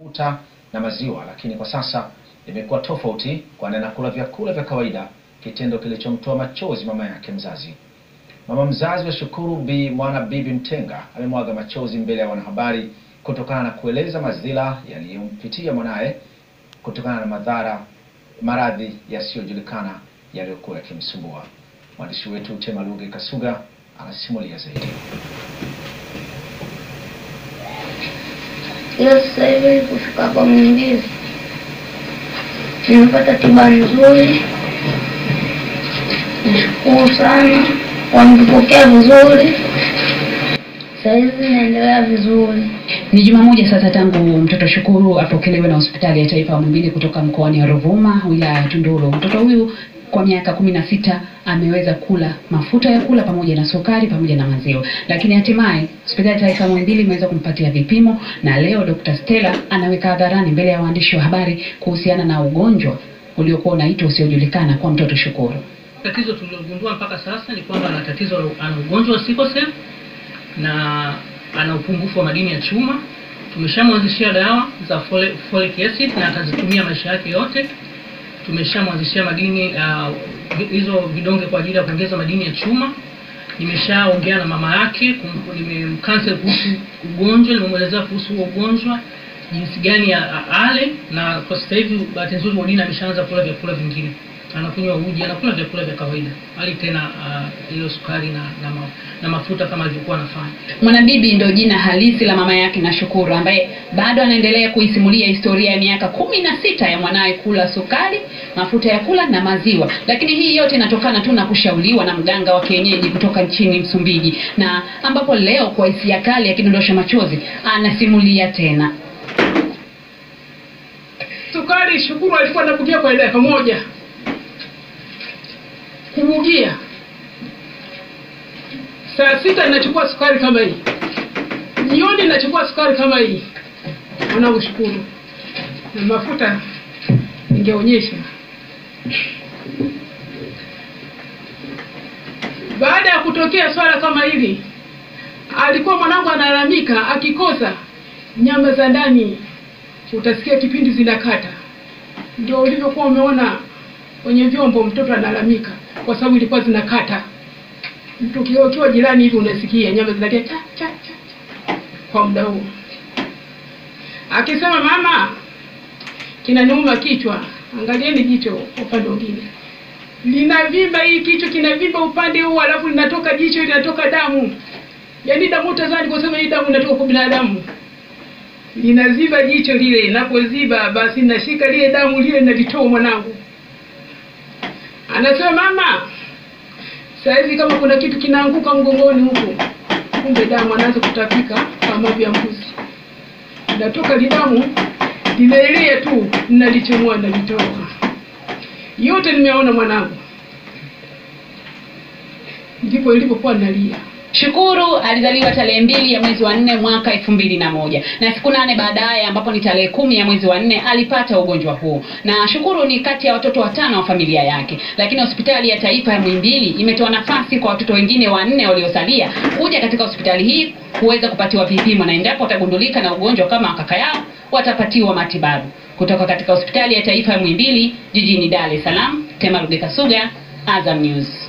mafuta na maziwa, lakini kwa sasa imekuwa tofauti, kwani anakula vyakula vya kawaida, kitendo kilichomtoa machozi mama yake mzazi. Mama mzazi wa Shukuru Bi Mwana Bibi Mtenga amemwaga machozi mbele ya wanahabari kutokana na kueleza mazila yaliyompitia mwanaye kutokana na madhara maradhi yasiyojulikana yaliyokuwa yakimsumbua. Mwandishi wetu tema Luge Kasuga anasimulia zaidi. ila sasa hivi kufika kwa Mwenyezi nimepata tiba nzuri, nashukuru sana, wamepokea vizuri, sahizi naendelea vizuri. Ni juma moja sasa tangu mtoto Shukuru apokelewe na hospitali ya taifa Muhimbili kutoka mkoani Ruvuma wilaya ya Tunduru. Mtoto huyu kwa miaka kumi na sita ameweza kula mafuta ya kula pamoja na sukari pamoja na maziwa, lakini hatimaye hospitali ya taifa Muhimbili imeweza kumpatia vipimo na leo Dr. Stella anaweka hadharani mbele ya waandishi wa habari kuhusiana na ugonjwa uliokuwa unaitwa usiojulikana kwa mtoto Shukuru. Tatizo tuliogundua mpaka sasa ni kwamba ana tatizo ana ugonjwa wa sickle cell na ana upungufu wa madini ya chuma. Tumeshamwanzishia dawa za folic acid na atazitumia maisha yake yote tumeshamwanzishia madini uh, hizo uh, vidonge kwa ajili ya kuongeza madini ya chuma. Nimeshaongea na mama yake, nimemkansel kuhusu ugonjwa, nimemwelezea kuhusu huo ugonjwa jinsi gani ya ale, na kwa sasa hivi bahati nzuri Odina ameshaanza kula vyakula vingine anakunywa uji, anakula vyakula vya kawaida, hali tena ah, hiyo uh, sukari na, na, ma, na mafuta kama alivyokuwa anafanya. Mwanabibi ndio jina halisi la mama yake Nashukuru, ambaye bado anaendelea kuisimulia historia ya miaka kumi na sita ya mwanaye kula sukari, mafuta ya kula na maziwa. Lakini hii yote inatokana tu na kushauriwa na mganga wa kienyeji kutoka nchini Msumbiji, na ambapo leo kwa hisia kali akidondosha machozi anasimulia tena sukari. Shukuru alikuwa anakutia kwa ile moja kunyingia. Saa sita nachukua sukari kama hii, jioni nachukua sukari kama hii. ushukuru na mafuta ningeonyesha. Baada ya kutokea swala kama hili, alikuwa mwanangu analalamika akikosa nyama za ndani, utasikia kipindi zinakata. Ndio ulivyokuwa umeona kwenye vyombo, mtoto analalamika kwa sababu ilikuwa zinakata. Mtu Tukiwa jirani hivi unasikia nyama zinakia cha cha cha kwa muda huo, akisema mama, kinaniuma kichwa. Angalieni jicho upande mwingine linavimba, hii kichwa kinavimba upande huu, alafu linatoka jicho, linatoka damu. Yaani damu tazani, kwa sababu hii damu inatoka kwa binadamu linaziba jicho lile, inapoziba basi nashika lile damu lile nalitoa mwanangu anasema mama, saizi kama kuna kitu kinaanguka mgongoni huko kumbe damu anaanza kutapika kama vya mbuzi, natoka lidamu lile tu nalichomoa nalitoa yote, nimeona mwanangu, ndipo ilipokuwa nalia. Shukuru alizaliwa tarehe mbili ya mwezi wa nne mwaka elfu mbili na moja na siku nane baadaye ambapo ni tarehe kumi ya mwezi wa nne alipata ugonjwa huu, na Shukuru ni kati ya watoto watano wa familia yake, lakini hospitali ya taifa ya Muhimbili imetoa nafasi kwa watoto wengine wanne waliosalia kuja katika hospitali hii kuweza kupatiwa vipimo, na endapo watagundulika na ugonjwa kama kaka yao watapatiwa matibabu kutoka katika hospitali ya taifa ya Muhimbili jijini Dar es Salaam. Tema Rugekasuga, Azam News.